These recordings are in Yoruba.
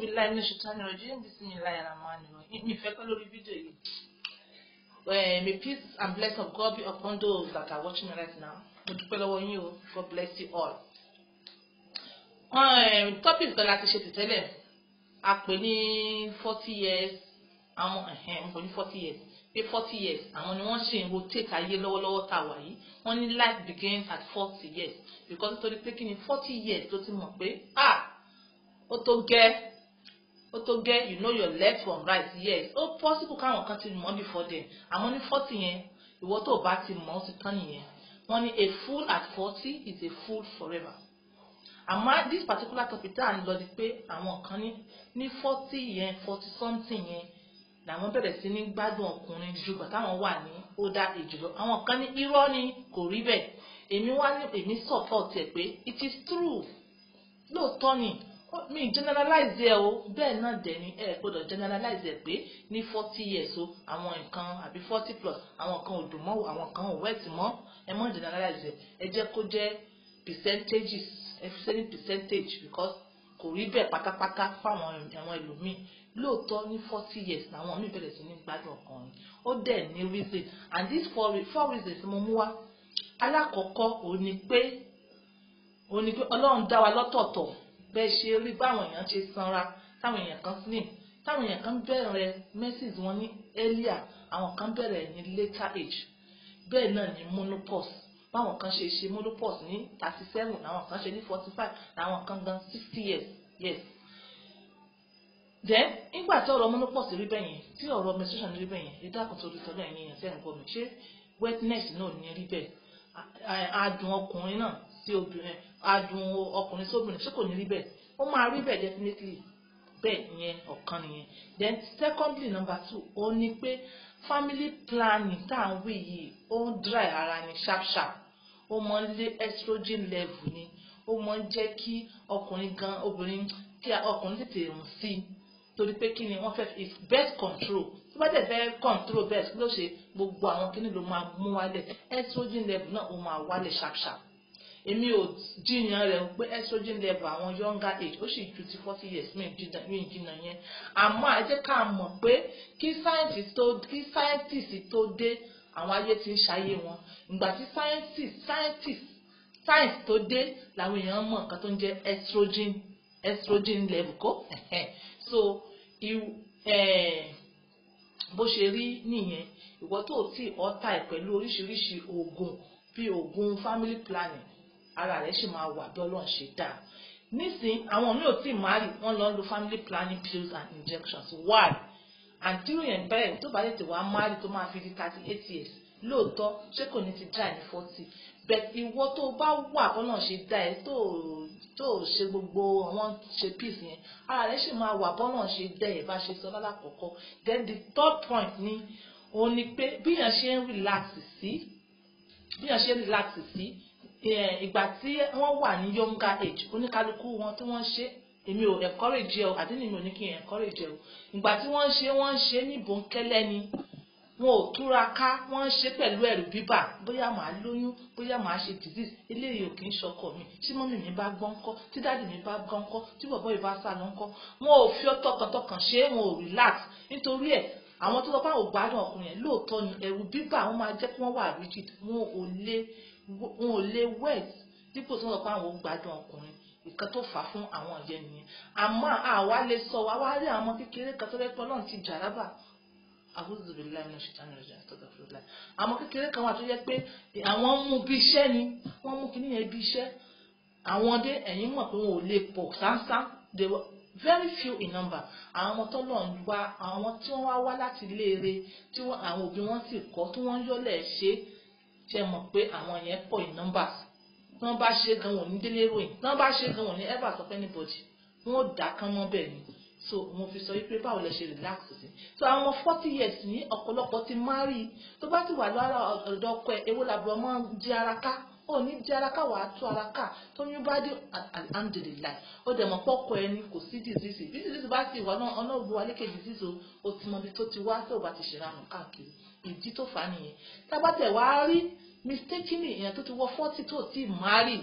billahi minash shaitani rajim bismillahir rahmanir rahim mi fẹ́ pẹ́ lórí fídíò yìí may peace and blessing of God be upon those that are watching me right now mo dúpẹ́ lọ́wọ́ yín o God bless you all. Um, topic kan la ti ṣe tẹ̀tẹ́lẹ̀ a pè ní forty years àwọn mo pè ní forty years pé forty years àwọn ni wọ́n ṣe ń rotate ayé lọ́wọ́lọ́wọ́ tá a wà yìí wọ́n ní life begins at forty years because torí pé kí ni forty years ló ti mọ̀ pé ah ó tó gẹ́ ó to get, you know your left from right yes ó possible káwọn kan ti mọ̀ before then àmọ́ ní forty yẹn ìwọ tó bá ti mọ̀ ó ti tán nìyẹn wọ́n ní a fool at forty is a fool forever àmọ́ this particular topic tá à ń lọ di pé àwọn kan ní ní forty yẹn forty something yẹn làwọn bẹ̀rẹ̀ sí ní gbádùn ọkùnrin ju ìgbà táwọn wà ní older age lọ àwọn kan ní irọ́ ni kò rí bẹ́ẹ̀ èmi wá ní èmi support ẹ̀ pé it is true lóòótọ́ ni mi generalize ẹ o bẹ́ẹ̀ náà dẹ̀ ni ẹ gbọ́dọ̀ generalize ẹ pé ní forty years o àwọn nǹkan àbí forty plus àwọn nǹkan ò dùn mọ́ àwọn nǹkan ò wẹ́ẹ̀tì mọ́ ẹ mọ́ generalize ẹ jẹ́ kó jẹ́ percentages ẹ fi sẹ́yìn percentage because kò rí bẹ́ẹ̀ pátápátá fáwọn àwọn ẹlòmíì lóòótọ́ ní forty years làwọn míì bẹ̀rẹ̀ sí ní gbádùn ọkùnrin ó dẹ̀ ní reason and this four, four reasons mo mú wá alákọ̀ọ́kọ́ òní pé òní pé ọlọ́run dá wa lọ́tọ̀ọ̀tọ̀ bẹ́ ṣe rí báwọn èèyàn ṣe sanra táwọn èèyàn kan slim táwọn èèyàn kan bẹ̀rẹ̀ menses wọn ní earlier àwọn kan bẹ̀rẹ̀ ní later age bẹ́ẹ̀ náà ní monopause báwọn kan ṣe ṣe monopause ní thirty seven làwọn kan ṣe ní forty five làwọn kan gan sixty years yes then nígbà tí ọ̀rọ̀ monopause rí bẹ́ẹ̀ yẹn tí ọ̀rọ̀ menstruation rí bẹ́ẹ̀ yẹn ẹ dákun tó rí sọ́dọ̀ ẹ̀yìn yẹn tẹ́ ń gbọ́ mi ṣé wetness náà ní rí bẹ́ẹ̀ adùn ọkùnrin náà sí obìnrin adùn ọkùnrin sóbìnrin ṣé kò ní rí bẹ́ẹ̀ ó máa rí bẹ́ẹ̀ definitely bẹ́ẹ̀ yẹn ọ̀kan nìyẹn then secondly number two ó ní pé family planning tá à ń wí yìí ó ń dry ara ni sharp sharp ó máa lé estrogen level ni ó máa ń jẹ́ kí ọkùnrin gan obìnrin kí ọkùnrin tètè rùn sí i torí pé kí ni wọ́n fẹ́ fi birth control tó bá dẹ̀ fẹ́ control birth ló ṣe gbogbo àwọn kíní ló máa mú wálẹ̀ estrogen level náà ó máa wálẹ̀ sharp sharp èmi ò jiyàn rẹ̀ pé estrogen level àwọn younger age ó sì ju ti forty years mi jiyàn yẹn àmọ́ ẹ jẹ́ ká mọ̀ pé kí scientist, tó dé àwọn ayé ti ń ṣayé wọn ìgbà tí sáyẹ́ntìsì tó dé làwọn èèyàn mọ̀ nǹkan tó ń jẹ́ estrogen estrogen level kó so bó ṣe rí nìyẹn ìwọ tó tí ọ̀tá ẹ̀ pẹ̀lú oríṣiríṣi oògùn bíi oògùn family planning ara rẹ̀ sì máa wà bí ọlọ́run ṣe dáa nísìn àwọn mi ò tí ì márì wọ́n lọ ń lo family planning pills and injections why and tí yẹn bẹ́ẹ̀ tó bá tètè wá márì tó máa fi di thirty eight years lóòótọ́ ṣé kò ní ti dry ní forty but ìwọ tó o bá wà bọ́nà ṣe dá ẹ tó o tó o ṣe gbogbo àwọn ṣe peace yẹn ara rẹ sì máa wà bọ́nà ṣe dá ẹ bá ṣe sọ lálàkọ́kọ́ then the third point ni òun ni pé bí yẹn ṣe ń relax sí bí yẹn ṣe ń relax sí ìgbà tí wọ́n wà ní younger age oníkálukú wọn tí wọ́n ṣe èmi ò encourage ẹ o àdínní mi ò ní kí n encourage ẹ o ìgbà tí wọ́n ṣe wọ́n ṣe ní bòńkẹ́lẹ́ ni wọn ò túraká wọ́n ṣe pẹ̀lú ẹ̀rù bíbà bóyá màá lóyún bóyá màá ṣe disease eléyìí ò kì í ṣọkọ mi tí mọ́mì mi bá gbọ́n kọ́ tí dáàdì mi bá gbọ́n kọ́ tí bọ̀bọ́ mi bá sá lọ kọ́ wọn ò fi tọkàntọkàn ṣe wọn ò relax nítorí ẹ̀ àwọn tó lọ bá ògbádùn ọkùnrin yẹn lóòótọ́ ni ẹ̀rù bíbà wọn máa jẹ́ kí wọ́n wà rigid wọn ò lè wọn ò lè wet dípò tí wọ́n sọ pé àwọn ò gbádùn ọkùnrin nǹkan tó fà á fún àwọn ìyẹn nìyẹn àmọ́ àwa lè sọ wa wá rí àwọn ọmọ kékeré kan tó lẹ́ pé ọlọ́run ti jàrábà àbúzùbìlá iná ṣètàn ìrìnàjò àtọ́gàfúrúlá àwọn kékeré kan wà tó yẹ pé àwọn mú bí iṣẹ́ ni wọ́n mú kí nìyẹn bí iṣẹ́ àwọn dé ẹ̀yìn mọ̀ pé wọn ò lè pọ̀ sáńsán they were very few in number àwọn ọmọ tó lọ́n wá àwọn tí wọ́n wá wá láti léere tí àwọn òbí wọn sì kọ́ tí wọ́n yọ́lẹ̀ ṣe é ṣe mọ̀ pé àwọn yẹn pọ̀ in numbers tí wọ́n bá ṣe gan wọ́n ní délé ròyìn tí wọ́n bá ṣe gan wọ́n ní ever sọ pé anybody wọ́n dà kán mọ́ bẹ́ẹ̀ ni so mo fi sọ wípé báwo lẹ ṣe relax sí so àwọn forty years ní ọ̀pọ̀lọpọ̀ ti marry tó bá ti wà lára ọ̀dọ̀ ọkọ ẹ̀ èwo làbúrò máa ń di ara ká òní di araka wàá tú araka tóyún bá dé alhamdulilayi ó dẹ̀ mọ̀ pọ́kọ ẹni kò sí disease bí disease bá ti wà náà ọlọ́ọ̀bù alékè disease o ó ti mọ ibi tó ti wá tó o bá ti ṣèrànù káàkiri ìdí tó fà á nìyẹn tábàtẹ̀ wàá rí mistakenly èèyàn tó ti wọ forty tó ti márì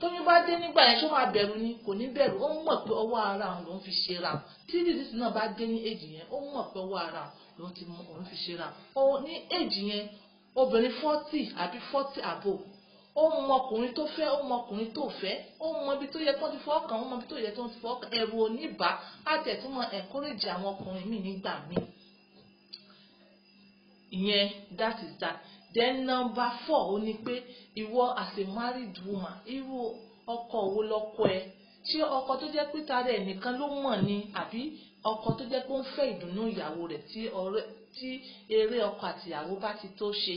tóyún bá dé nígbà yẹn ṣó máa bẹ̀rù ni kò ní bẹ̀rù ó mọ̀ pé ọwọ́ ara òun lòún fi ṣe ra tí disease náà bá dé ní èjì yẹn ó mọ̀ pé ọwọ́ ara òun fi ṣe ra ní èjì yẹn obìnrin forty àbí forty àbò ó mọ ọkùnrin tó fẹ́ ó mọ ọkùnrin tó fẹ́ ó mọ ibi tó yẹ kí wọ́n ti fọwọ́ kàn ó mọ ibi tó yẹ kí wọ́n ti fọwọ́ kàn ẹ̀rù oníbà á tẹ̀ tún mọ àwọn ọkùnrin míì nígbà míì ìyẹn that is that then number four ó ní pé ìwọ as a married woman irú ọkọ wo lọkọ ẹ ṣé ọkọ tó jẹ́ pé tara ẹ̀ nìkan ló mọ̀ ni àbí ọkọ tó jẹ́ pé ó ń fẹ́ ìdùnnú ìyàwó rẹ̀ tí eré ọkọ àtìyàwó bá ti tó ṣe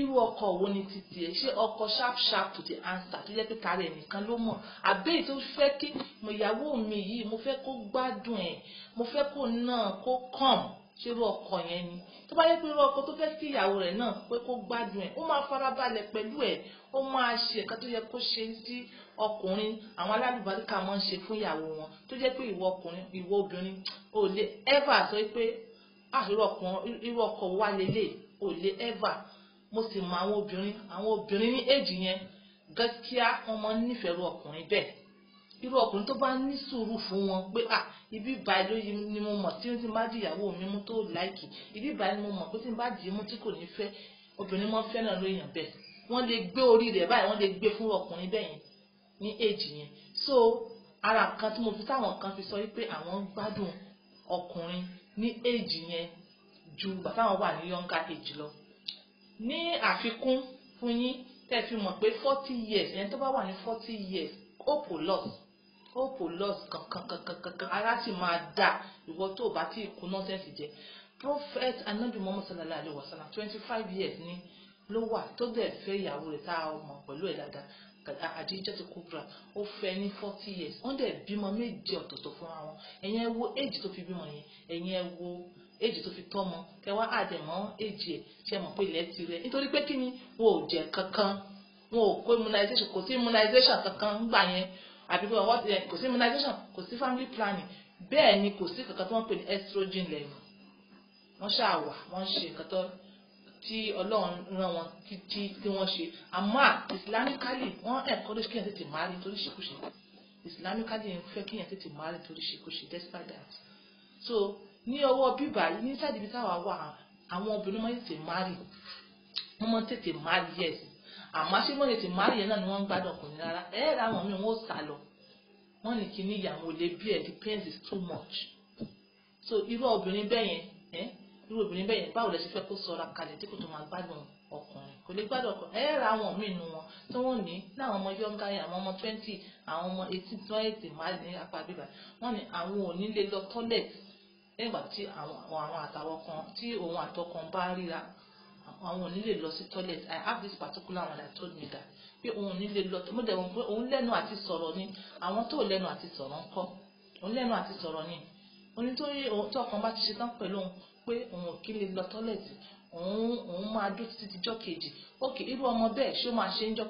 irú ọkọ̀ wo ni ti tiẹ̀ ṣé ọkọ̀ sharp sharp to the answer tó jẹ́ pé tààrà ẹnìkan ló mọ̀ àbẹ́yì tó fẹ́ kí mo ìyàwó mi yìí mo fẹ́ kó gbádùn ẹ̀ mo fẹ́ kó náà kó kàn ṣé irú ọkọ̀ yẹn ni tó bá yẹ pé irú ọkọ̀ tó fẹ́ kí ìyàwó rẹ̀ náà pé kó gbádùn ẹ̀ ó máa farabalẹ̀ pẹ̀lú ẹ̀ ó máa ṣe ẹ̀ka tó yẹ kó ṣe sí ọkùnrin àwọn alálùbáríkà máa ń ṣe fún ìyàwó wọn tó jẹ́ pé ìwọ ọkùnrin ìwọ obìnrin ò lè ever sọ pé ah, irú ọkọ̀ wa lélẹ̀ ò lè ever mo sì mọ àwọn obìnrin àwọn obìnrin ní èjì yẹn gẹ́kíá wọ́n máa ń nífẹ̀ẹ́ ru ọkùnrin bẹ́ẹ̀ irú ọkùnrin tó bá ní sùúrù fún wọn pé à ibi báyìí ló yẹ ni mo mọ̀ tí n ti bá di ìyàwó mi mú tó láìkì ibi báyìí ni mo mọ̀ pé tí n bá dì í mú tí kò ní fẹ́ obìnrin mọ́ fẹ́ náà ló yàn bẹ́ẹ̀ wọ́n lè gbé orí rẹ̀ báyìí wọ́n lè gbé fún ọkùnrin bẹ́ẹ̀ yẹn ní èjì yẹn so ara kan tí mo fi táwọn kan fi sọ wípé àwọn ń gbádùn ọkùnrin ní èjì yẹn ju bàtà wọn wà ní yọǹga èjì lọ ní àfikún fún yín tẹ́ fi mọ̀ pé forty years ẹni tó bá wà ní forty years hope o loss hope o loss kankankankankan ara sì máa dà ìwọ tó o bá tí ì kú nọ́sẹ̀sì jẹ prophet anabi muhammad sallallahu alayhi wa sallam twenty five years ni ló wà tó dẹ̀ fẹ́ ìyàwó rẹ̀ tá a mọ̀ pẹ̀lú ẹ̀ dáadáa àdíjọ́ ti kubra ó fẹ́ ní forty years wọ́n dẹ̀ bímọ méje ọ̀tọ̀ọ̀tọ̀ fúnra wọn ẹ̀yin ẹ wo age tó fi bímọ yẹn ẹ̀yin ẹ wo èjì tó fi tọ́mọ kẹwà àdèmọ́ èjì ẹ̀ ṣe mọ̀ pé ilẹ̀ ti rẹ̀ nítorí pé kí ni wọn ò jẹ́ kankan wọn ò kó immunization kò sí immunization kankan ńgbà yẹn àbí pé kò sí immunization kò sí family planning bẹ́ẹ̀ ni kò sí kankan tó wọ́n pè ní estrogen level wọ́n ṣàwà wọ́n ṣe nǹkan tó tí ọlọ́run rán wọn títí tí wọ́n ṣe àmọ́ islamically wọ́n encourage kí èèyàn tètè máa rí nítorí ṣekúṣe islamically ń fẹ́ kí èèyàn tètè máa rí nítorí ṣekúṣe despite that so ní ọwọ́ bíbá yìí ní sádìbí táwa wà àwọn obìnrin máa ń tètè márì wọ́n máa ń tètè márì yẹ̀s àmọ́ ṣé wọ́n lè tètè márì yẹn náà ni wọ́n ń gbádùn ọkùnrin rárá ẹ ẹ́ ra wọn mi wọ́n sá lọ wọ́n ní kí ní ìyàwó lè bí ẹ̀ depends is too much so irú obìnrin bẹ́ẹ̀ yẹn irú obìnrin bẹ́ẹ̀ yẹn báwo lẹ ṣe fẹ́ kó sọra kalẹ̀ tí kò tó máa gbádùn ọkùnrin kò lè gbádùn ọkùnrin ẹ ra àwọn míì nu wọn tí wọn ní láwọn ọmọ yọǹga yẹn àwọn ọmọ twenty àwọn ọmọ eighteen twenty máa ní apá bíbá wọn ní àwọn ò ní lè lọ toilet nígbà tí àwọn àwọn àtàwọn kan tí òun àtọkàn bá ríra àwọn ò lọ sí toilet i have this particular one that told me that pé òun ò ní lè lọ mo dẹ̀ wọ́n pé òun lẹ́nu àti sọ̀rọ̀ ni àwọn tó lẹ́nu àti sọ̀rọ̀ ń kọ́ òun lẹ́nu àti sọ̀rọ̀ ni onítorí òun tó ọkàn bá ti ṣetán pẹ̀lú òun pé òun ò kí lè lọ toilet òun òun máa dúró títí dijọ́ kejì ok irú ọmọ bẹ́ẹ̀ ṣé ó máa ṣe ń jọ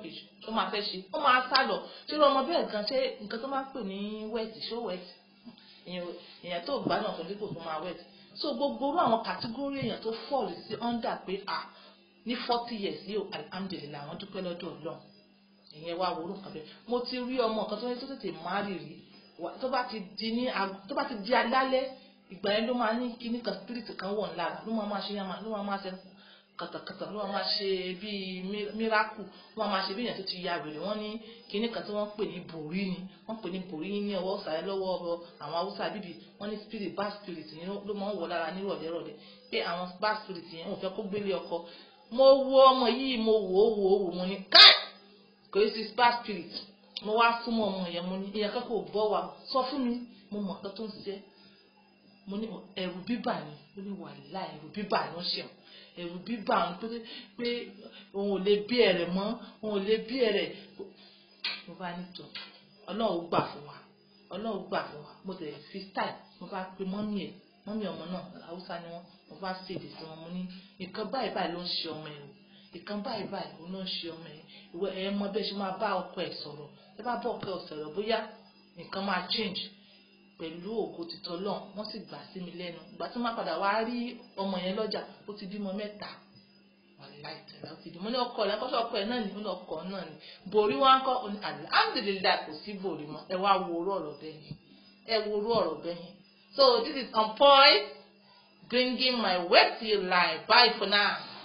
ó máa fẹ́ ṣe ó máa sá lọ ṣé irú ọmọ bẹ́ẹ̀ gan ṣé nǹkan tó máa pè ní wẹ́ẹ̀tì ṣé ó wẹ́ẹ̀tì èèyàn tó gbádùn ọkùnrin dípò tó máa wẹ̀t so gbogbo orú àwọn kàtígórì èèyàn tó fọ́ọ̀lù sí ọ́ndà pé à ah, ní forty years yìí alhamdulilayi àwọn dúpẹ́ lọ́dọ̀ ọlọ́run ìyẹn wá wo orúkọ bẹ́ẹ̀ mo ti rí ọmọ kan tó ní tó tètè má rì rí tó bá ti di ní tó bá ti di alálẹ́ ìgbà yẹn ló máa ní kíní kan spirit kan wọ̀ ńlára ló máa máa ṣe ló máa máa ṣe kàtàkàtà wọ́n máa ṣe bíi miraku wọ́n máa ṣe bíi èèyàn tó ti ya wèrè wọ́n ní kinní kan tí wọ́n pè ní bòrí ni wọ́n pè ní bòrí ní ọwọ́ ọ̀sàlẹ̀ lọ́wọ́ ọ̀rọ̀ àwọn haúsá bíbí wọ́n ní spirit bad spirit ni ló máa ń wọ̀ lára ní rọ̀lẹ́rọ̀lẹ́ pé àwọn bad spirit yẹn wọ́n fẹ́ kó gbélé ọkọ mo wo ọmọ yìí mo wò ó wò ó wò mo ní káì kò sí bad spirit mo wá súnmọ́ ọmọ yẹn mo ní ìyẹn kẹ́kọ̀ọ́ bọ́ wa sọ fún mi mo mọ̀ nǹkan tó ń ṣe mo ní ẹ̀rù bíbà ni ó ní wàhálà ẹ̀rù bíbà ni ó ṣeun ẹ̀rù bíbà ń pé pé òun ò lè bí ẹ̀rẹ̀ mọ́ òun ò lè bí ẹ̀rẹ̀ mo bá ní tọ́ ọlọ́run gbà fún wa ọlọ́run gbà fún wa mo tẹ̀ fi style mo bá pe mọ́mí ẹ̀ mọ́mí ọmọ náà haúsá ni wọ́n mo bá ṣèdè sí wọn mo ní nǹkan báyìí báyìí ló ń ṣe ọmọ ẹ̀ nǹkan báyìí báyìí ló ń ṣe ọmọ ẹ̀ ìwọ ẹ̀ mọ bẹ́ẹ̀ ṣe máa bá ọkọ ẹ̀ sọ̀rọ̀ ẹ bá bá ọkọ ẹ̀ sọ̀rọ̀ bóyá nǹkan máa change pẹ̀lú ògo títọ́ lọ́n wọ́n sì gbà sí mi lẹ́nu ìgbà tí wọ́n padà wá rí ọmọ yẹn lọ́jà ó ti bímọ mẹ́ta wàláì tẹ̀lá ó ti bímọ ní ọkọ rẹ̀ kọ́sọ́ ọkọ ẹ̀ náà ní ní ọkọ náà ní borí wọn kọ́ ọ ní alhamdulilayi kò sí borí mọ́ ẹ wá wo orú ọ̀rọ̀ bẹ́ẹ̀ yẹn ẹ wo orú ọ̀rọ̀ bẹ́ẹ̀ yẹn so this is on point bringing my way to your life bye for now.